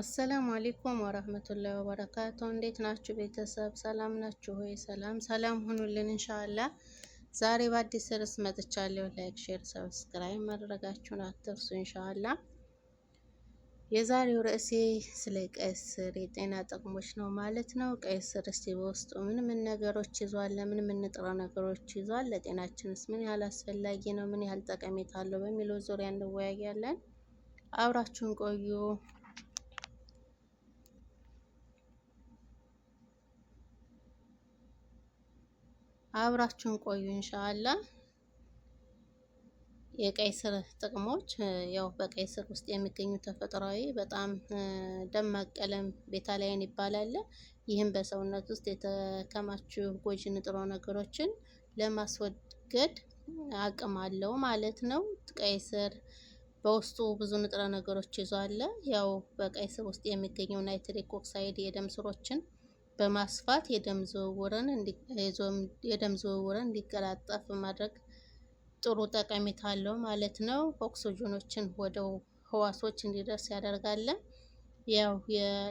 አሰላሙ አሌይኩም ወረህመቱላሂ ወበረካቱ። እንዴት ናችሁ ቤተሰብ? ሰላም ናችሁ ወይ? ሰላም ሰላም ሁኑልን እንሻላ። ዛሬ በአዲስ ርዕስ መጥቻለሁ። ላይክ፣ ሼር፣ ሰብስክራይብ ማድረጋችሁን አትርሱ እንሻላ። የዛሬው ርዕሴ ስለ ቀይ ስር የጤና ጥቅሞች ነው ማለት ነው። ቀይ ስር እስቲ በውስጡ ምን ምን ነገሮች ይዟል? ለምን ምን ንጥረ ነገሮች ይዟል? ለጤናችንስ ምን ያህል አስፈላጊ ነው? ምን ያህል ጠቀሜታ አለው? በሚለው ዙሪያ እንወያያለን። አብራችሁን ቆዩ። አብራችሁን ቆዩ እንሻላ። የቀይ ስር ጥቅሞች ያው በቀይ ስር ውስጥ የሚገኙ ተፈጥሯዊ በጣም ደማቅ ቀለም ቤታላይን ይባላል። ይህም በሰውነት ውስጥ የተከማቹ ጎጂ ንጥረ ነገሮችን ለማስወገድ አቅም አለው ማለት ነው። ቀይ ስር በውስጡ ብዙ ንጥረ ነገሮች ይዟል። ያው በቀይ ስር ውስጥ የሚገኘው ናይትሪክ ኦክሳይድ የደም ስሮችን በማስፋት የደም ዝውውርን እንዲቀላጠፍ ማድረግ ጥሩ ጠቀሜታ አለው ማለት ነው። ኦክሲጅኖችን ወደ ህዋሶች እንዲደርስ ያደርጋለን። ያው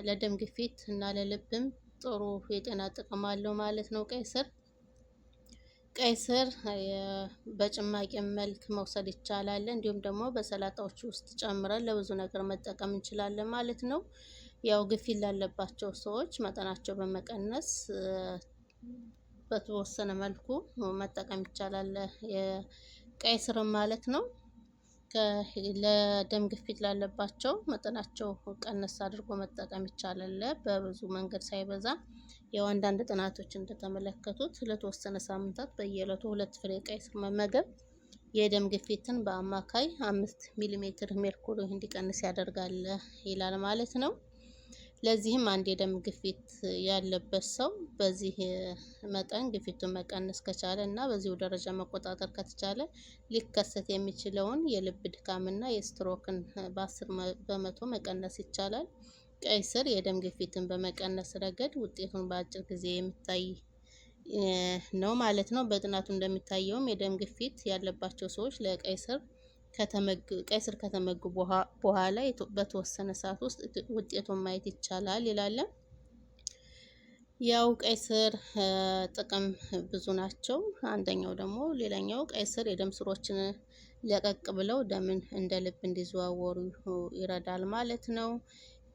ለደም ግፊት እና ለልብም ጥሩ የጤና ጥቅም አለው ማለት ነው። ቀይ ስር ቀይ ስር በጭማቂ መልክ መውሰድ ይቻላል። እንዲሁም ደግሞ በሰላጣዎች ውስጥ ጨምረን ለብዙ ነገር መጠቀም እንችላለን ማለት ነው። ያው ግፊት ላለባቸው ሰዎች መጠናቸው በመቀነስ በተወሰነ መልኩ መጠቀም ይቻላል። የቀይ ስር ማለት ነው። ለደም ግፊት ላለባቸው መጠናቸው ቀነስ አድርጎ መጠቀም ይቻላል። በብዙ መንገድ ሳይበዛ ያው አንዳንድ ጥናቶች እንደተመለከቱት ለተወሰነ ሳምንታት በየዕለቱ ሁለት ፍሬ ቀይ ስር መመገብ የደም ግፊትን በአማካይ አምስት ሚሊ ሜትር ሜርኩሪ እንዲቀንስ ያደርጋል ይላል ማለት ነው። ለዚህም አንድ የደም ግፊት ያለበት ሰው በዚህ መጠን ግፊቱን መቀነስ ከቻለ እና በዚሁ ደረጃ መቆጣጠር ከተቻለ ሊከሰት የሚችለውን የልብ ድካምና የስትሮክን በአስር በመቶ መቀነስ ይቻላል። ቀይ ስር የደም ግፊትን በመቀነስ ረገድ ውጤቱን በአጭር ጊዜ የሚታይ ነው ማለት ነው። በጥናቱ እንደሚታየውም የደም ግፊት ያለባቸው ሰዎች ለቀይ ስር ቀይ ስር ከተመገቡ በኋላ በተወሰነ ሰዓት ውስጥ ውጤቱን ማየት ይቻላል ይላለን። ያው ቀይ ስር ጥቅም ብዙ ናቸው። አንደኛው ደግሞ ሌላኛው ቀይ ስር የደም ስሮችን ለቀቅ ብለው ደምን እንደ ልብ እንዲዘዋወሩ ይረዳል ማለት ነው።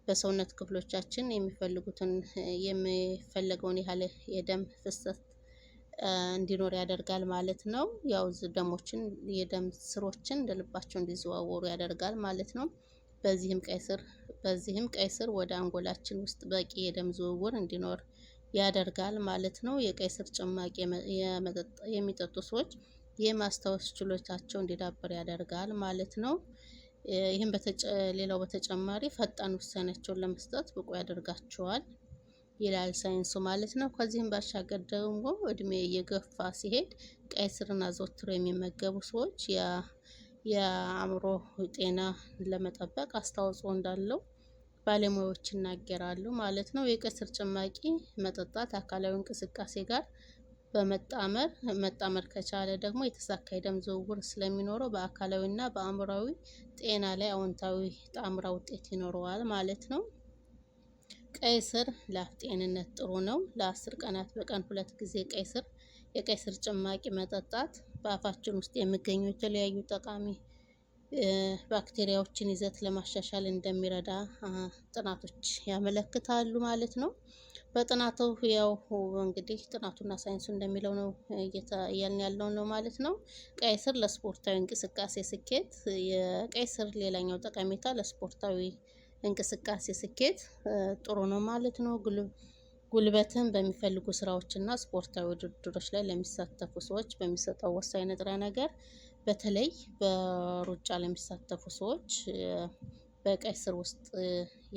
በሰውነት ክፍሎቻችን የሚፈልጉትን የሚፈለገውን ያህል የደም ፍሰት እንዲኖር ያደርጋል ማለት ነው። ያው ደሞችን የደም ስሮችን እንደልባቸው እንዲዘዋወሩ ያደርጋል ማለት ነው። በዚህም ቀይ ስር በዚህም ቀይ ስር ወደ አንጎላችን ውስጥ በቂ የደም ዝውውር እንዲኖር ያደርጋል ማለት ነው። የቀይ ስር ጭማቂ የሚጠጡ ሰዎች የማስታወስ ችሎታቸው እንዲዳብር ያደርጋል ማለት ነው። ይህም ሌላው በተጨማሪ ፈጣን ውሳኔያቸውን ለመስጠት ብቁ ያደርጋቸዋል። ይላል ሳይንሱ ማለት ነው። ከዚህም ባሻገር ደግሞ እድሜ እየገፋ ሲሄድ ቀይ ስርና ዘወትሮ የሚመገቡ ሰዎች የአእምሮ ጤና ለመጠበቅ አስተዋጽኦ እንዳለው ባለሙያዎች ይናገራሉ ማለት ነው። የቀይ ስር ጭማቂ መጠጣት አካላዊ እንቅስቃሴ ጋር በመጣመር መጣመር ከቻለ ደግሞ የተሳካ የደም ዝውውር ስለሚኖረው በአካላዊና በአእምሮዊ ጤና ላይ አዎንታዊ ጣምራ ውጤት ይኖረዋል ማለት ነው። ቀይ ስር ለአፍ ጤንነት ጥሩ ነው። ለአስር ቀናት በቀን ሁለት ጊዜ ቀይ ስር የቀይ ስር ጭማቂ መጠጣት በአፋችን ውስጥ የሚገኙ የተለያዩ ጠቃሚ ባክቴሪያዎችን ይዘት ለማሻሻል እንደሚረዳ ጥናቶች ያመለክታሉ ማለት ነው። በጥናቱ ያው እንግዲህ ጥናቱና ሳይንሱ እንደሚለው ነው እያልን ያለው ነው ማለት ነው። ቀይ ስር ለስፖርታዊ እንቅስቃሴ ስኬት። የቀይ ስር ሌላኛው ጠቀሜታ ለስፖርታዊ እንቅስቃሴ ስኬት ጥሩ ነው ማለት ነው። ጉልበትን በሚፈልጉ ስራዎች እና ስፖርታዊ ውድድሮች ላይ ለሚሳተፉ ሰዎች በሚሰጠው ወሳኝ ንጥረ ነገር በተለይ በሩጫ ለሚሳተፉ ሰዎች በቀይ ስር ውስጥ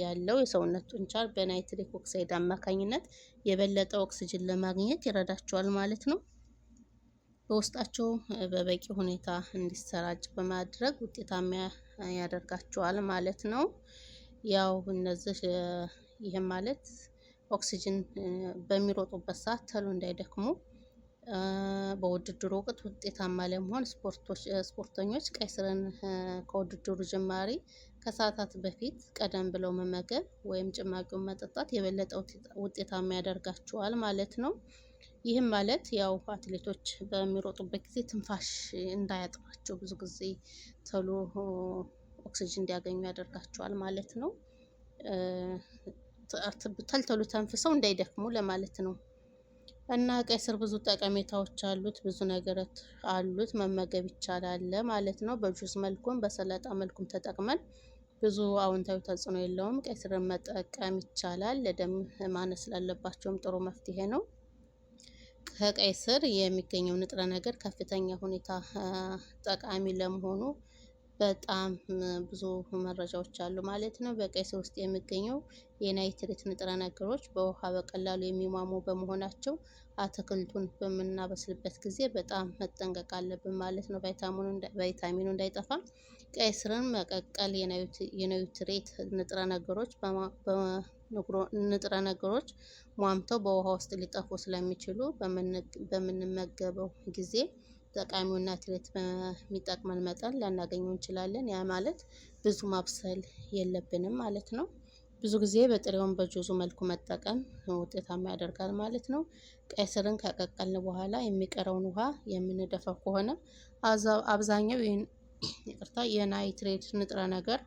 ያለው የሰውነት ጡንቻ በናይትሪክ ኦክሳይድ አማካኝነት የበለጠ ኦክስጅን ለማግኘት ይረዳቸዋል ማለት ነው። በውስጣቸው በበቂ ሁኔታ እንዲሰራጭ በማድረግ ውጤታማ ያደርጋቸዋል ማለት ነው። ያው እነዚህ ይህም ማለት ኦክሲጅን በሚሮጡበት ሰዓት ተሎ እንዳይደክሙ በውድድሩ ወቅት ውጤታማ ለመሆን ስፖርተኞች ቀይ ስርን ከውድድሩ ጅማሪ ከሰዓታት በፊት ቀደም ብለው መመገብ ወይም ጭማቂውን መጠጣት የበለጠ ውጤታማ ያደርጋቸዋል ማለት ነው። ይህም ማለት ያው አትሌቶች በሚሮጡበት ጊዜ ትንፋሽ እንዳያጥራቸው ብዙ ጊዜ ተሎ ኦክሲጅን እንዲያገኙ ያደርጋቸዋል ማለት ነው። ተልተሉ ተንፍሰው እንዳይደክሙ ለማለት ነው። እና ቀይ ስር ብዙ ጠቀሜታዎች አሉት፣ ብዙ ነገሮች አሉት፣ መመገብ ይቻላል ማለት ነው። በጁስ መልኩም በሰላጣ መልኩም ተጠቅመን ብዙ አዎንታዊ ተጽዕኖ የለውም። ቀይ ስርን መጠቀም ይቻላል። ለደም ማነስ ላለባቸውም ጥሩ መፍትሄ ነው። ከቀይ ስር የሚገኘው ንጥረ ነገር ከፍተኛ ሁኔታ ጠቃሚ ለመሆኑ በጣም ብዙ መረጃዎች አሉ ማለት ነው። በቀይ ስር ውስጥ የሚገኘው የናይትሬት ንጥረ ነገሮች በውሃ በቀላሉ የሚሟሙ በመሆናቸው አትክልቱን በምናበስልበት ጊዜ በጣም መጠንቀቅ አለብን ማለት ነው። ቫይታሚኑ እንዳይጠፋ ቀይ ስርን መቀቀል የናይትሬት ንጥረ ነገሮች ንጥረ ነገሮች ሟምተው በውሃ ውስጥ ሊጠፉ ስለሚችሉ በምንመገበው ጊዜ ጠቃሚውና ትሬት በሚጠቅመን መጠን ላናገኘው እንችላለን። ያ ማለት ብዙ ማብሰል የለብንም ማለት ነው። ብዙ ጊዜ በጥሬውን በጁዙ መልኩ መጠቀም ውጤታማ ያደርጋል ማለት ነው። ቀይ ስርን ከቀቀልን በኋላ የሚቀረውን ውሃ የምንደፋው ከሆነ አብዛኛው ይቅርታ የናይትሬት ንጥረ ነገር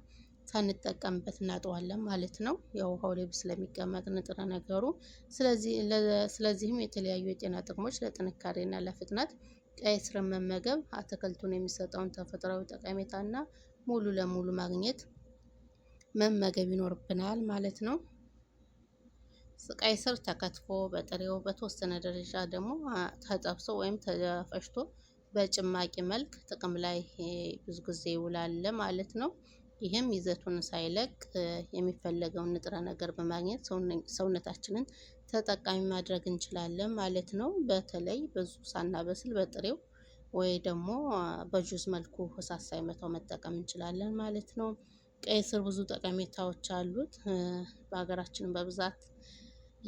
ሳንጠቀምበት እናጠዋለን ማለት ነው። የውሃው ላይ ስለሚቀመጥ ንጥረ ነገሩ ስለዚህም የተለያዩ የጤና ጥቅሞች ለጥንካሬና ለፍጥነት ቀይ ስርን መመገብ አትክልቱን የሚሰጠውን ተፈጥሯዊ እና ሙሉ ለሙሉ ማግኘት መመገብ ይኖርብናል ማለት ነው። ቀይ ስር ተከትፎ በጥሬው በተወሰነ ደረጃ ደግሞ ተጠብሶ ወይም ተፈጭቶ በጭማቂ መልክ ጥቅም ላይ ብዙ ጊዜ ይውላል ማለት ነው። ይህም ይዘቱን ሳይለቅ የሚፈለገውን ንጥረ ነገር በማግኘት ሰውነታችንን ተጠቃሚ ማድረግ እንችላለን ማለት ነው። በተለይ ብዙ ሳናበስል በጥሬው ወይ ደግሞ በጁስ መልኩ እሳት ሳይመታው መጠቀም እንችላለን ማለት ነው። ቀይ ስር ብዙ ጠቀሜታዎች አሉት። በሀገራችን በብዛት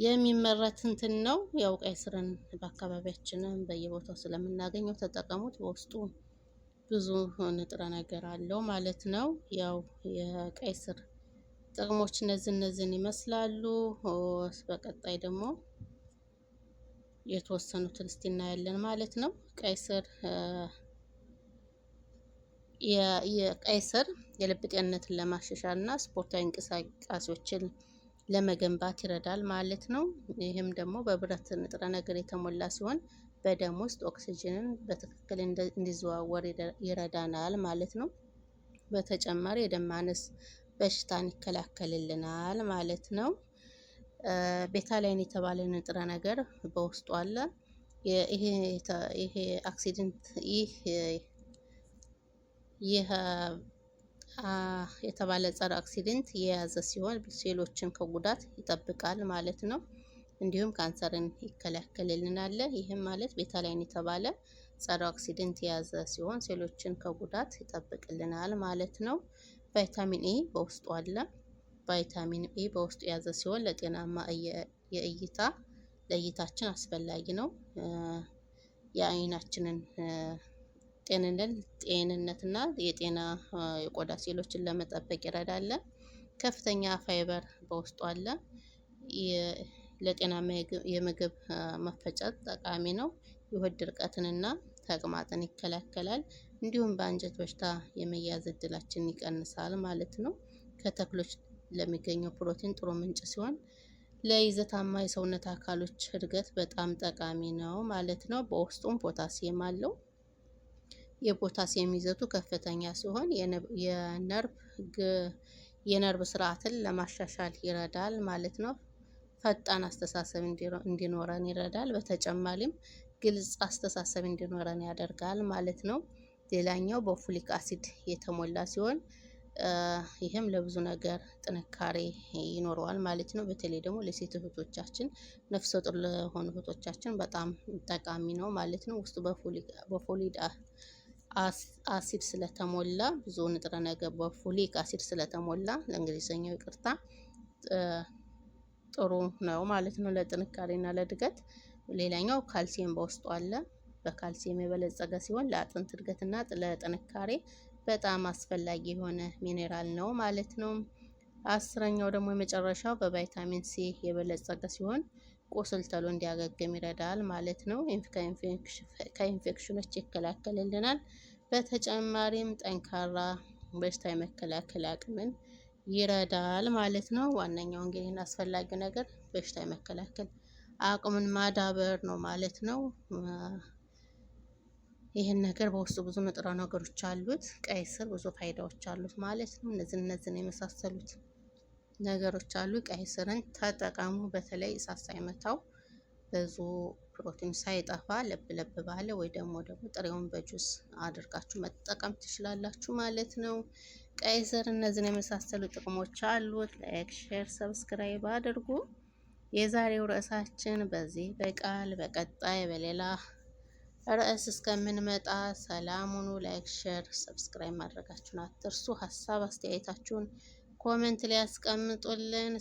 የሚመረት እንትን ነው። ያው ቀይ ስርን በአካባቢያችንም በየቦታው ስለምናገኘው ተጠቀሙት። በውስጡ ብዙ ንጥረ ነገር አለው ማለት ነው። ያው የቀይ ስር ጥቅሞች እነዚህ እነዚህን ይመስላሉ። በቀጣይ ደግሞ የተወሰኑትን እስቲ እናያለን ማለት ነው። ቀይ ስር የቀይ ስር የልብ ጤንነትን ለማሻሻል እና ስፖርታዊ እንቅስቃሴዎችን ለመገንባት ይረዳል ማለት ነው። ይህም ደግሞ በብረት ንጥረ ነገር የተሞላ ሲሆን በደም ውስጥ ኦክሲጅንን በትክክል እንዲዘዋወር ይረዳናል ማለት ነው። በተጨማሪ የደም ማነስ በሽታን ይከላከልልናል ማለት ነው። ቤታላይን የተባለ ንጥረ ነገር በውስጡ አለ። ይሄ አክሲደንት ይህ ይህ የተባለ ጸረ አክሲደንት የያዘ ሲሆን ሴሎችን ከጉዳት ይጠብቃል ማለት ነው። እንዲሁም ካንሰርን ይከላከልልናል። ይህም ማለት ቤታላይን የተባለ ጸረ አክሲደንት የያዘ ሲሆን ሴሎችን ከጉዳት ይጠብቅልናል ማለት ነው። ቫይታሚን ኤ በውስጡ አለ። ቫይታሚን ኤ በውስጡ የያዘ ሲሆን ለጤናማ የእይታ ለእይታችን አስፈላጊ ነው። የአይናችንን ጤንነትና የጤና የቆዳ ሴሎችን ለመጠበቅ ይረዳል። ከፍተኛ ፋይበር በውስጡ አለ። ለጤናማ የምግብ መፈጨት ጠቃሚ ነው። የሆድ ድርቀትንና ተቅማጥን ይከላከላል። እንዲሁም በአንጀት በሽታ የመያዝ እድላችን ይቀንሳል ማለት ነው። ከተክሎች ለሚገኘው ፕሮቲን ጥሩ ምንጭ ሲሆን ለይዘታማ የሰውነት አካሎች እድገት በጣም ጠቃሚ ነው ማለት ነው። በውስጡም ፖታሲየም አለው። የፖታሲየም ይዘቱ ከፍተኛ ሲሆን የነርቭ ስርዓትን ለማሻሻል ይረዳል ማለት ነው። ፈጣን አስተሳሰብ እንዲኖረን ይረዳል። በተጨማሪም ግልጽ አስተሳሰብ እንዲኖረን ያደርጋል ማለት ነው። ሌላኛው በፎሊክ አሲድ የተሞላ ሲሆን ይህም ለብዙ ነገር ጥንካሬ ይኖረዋል ማለት ነው። በተለይ ደግሞ ለሴት እህቶቻችን፣ ነፍሰ ጡር ለሆኑ እህቶቻችን በጣም ጠቃሚ ነው ማለት ነው። ውስጡ በፎሊድ አሲድ ስለተሞላ ብዙ ንጥረ ነገር በፎሊክ አሲድ ስለተሞላ ለእንግሊዝኛው ይቅርታ ጥሩ ነው ማለት ነው ለጥንካሬና ለእድገት። ሌላኛው ካልሲየም በውስጡ አለ። በካልሲየም የበለጸገ ሲሆን ለአጥንት እድገትና ለጥንካሬ በጣም አስፈላጊ የሆነ ሚኔራል ነው ማለት ነው። አስረኛው ደግሞ የመጨረሻው በቫይታሚን ሲ የበለጸገ ሲሆን ቁስል ተሎ እንዲያገግም ይረዳል ማለት ነው። ከኢንፌክሽኖች ይከላከልልናል። በተጨማሪም ጠንካራ በሽታ የመከላከል አቅምን ይረዳል ማለት ነው። ዋነኛው እንግዲህ አስፈላጊው ነገር በሽታ የመከላከል አቅምን ማዳበር ነው ማለት ነው። ይህን ነገር በውስጡ ብዙ ንጥረ ነገሮች አሉት። ቀይ ስር ብዙ ፋይዳዎች አሉት ማለት ነው። እነዚህ እነዚህን የመሳሰሉት ነገሮች አሉ። ቀይ ስርን ተጠቀሙ። በተለይ እሳት ሳይመታው ብዙ ፕሮቲን ሳይጠፋ ለብ ለብ ባለ ወይ ደግሞ ደግሞ ጥሬውን በጁስ አድርጋችሁ መጠቀም ትችላላችሁ ማለት ነው። ቀይ ስር እነዚህን የመሳሰሉ ጥቅሞች አሉት። ላይክ፣ ሼር፣ ሰብስክራይብ አድርጉ። የዛሬው ርዕሳችን በዚህ በቃል በቀጣይ በሌላ ርዕስ እስከምንመጣ ሰላሙኑ ላይክ፣ ሸር፣ ሰብስክራይብ ማድረጋችሁን አትርሱ። ሀሳብ አስተያየታችሁን ኮመንት ላይ ያስቀምጡልን።